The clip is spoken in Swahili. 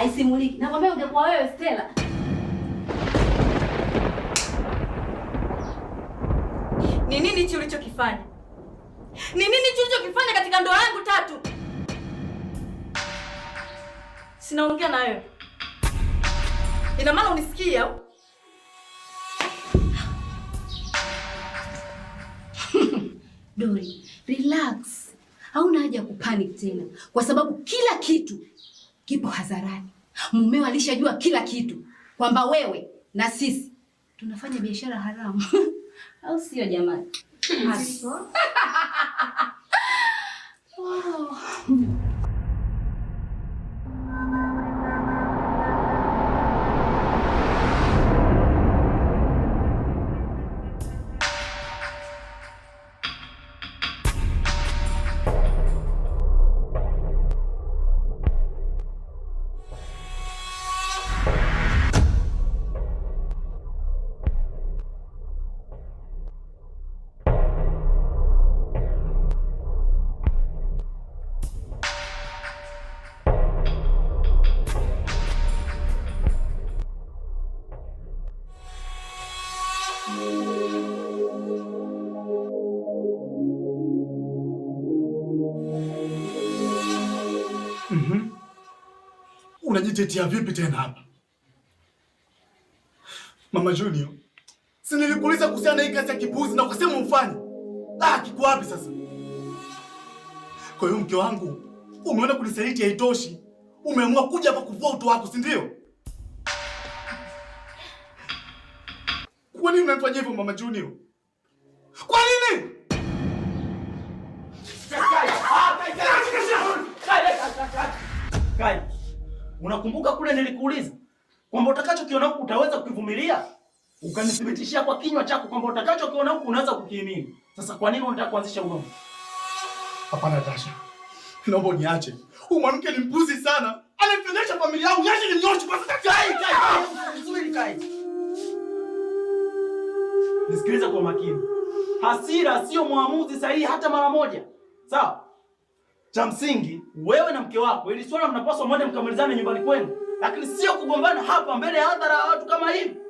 haisimuliki. Nakwambia ungekuwa wewe Stella. Ni nini hicho ulichokifanya? Ni nini hicho ulichokifanya katika ndoa yangu tatu? Sinaongea na wewe. Ina maana unisikii au? Dori, relax. Hauna haja ya kupanic tena kwa sababu kila kitu kipo hadharani. Mumeo alishajua kila kitu kwamba wewe na sisi tunafanya biashara haramu au sio jamani? Hmm. Mm -hmm. Unajitetea vipi tena hapa? Mama Junior, si nilikuuliza kuhusiana na hii kazi ya kipuzi na ukasema ufanye. Ah, kiko wapi sasa? Kwa hiyo mke wangu, umeona kunisaliti haitoshi. Umeamua kuja hapa kuvua uto wako, si ndio? Kwa nini unanifanya hivyo Mama Junior? Kwa nini? Kai, unakumbuka kule nilikuuliza kwamba utakachokiona huku utaweza kuvumilia? Ukanithibitishia kwa kinywa chako kwamba utakachokiona huku unaweza kukiamini. Sasa kwa nini unataka kuanzisha ugomvi? Hapana Tasha. Naomba uniache. Huyu mwanamke ni mbuzi sana. Anaifedhesha familia yangu. Nisikiliza kwa makini. Hasira sio mwamuzi sahihi hata mara moja, sawa? Cha msingi wewe na mke wako, ili swala mnapaswa moja mkamalizane nyumbani kwenu, lakini sio kugombana hapa mbele ya hadhara ya watu kama hivi.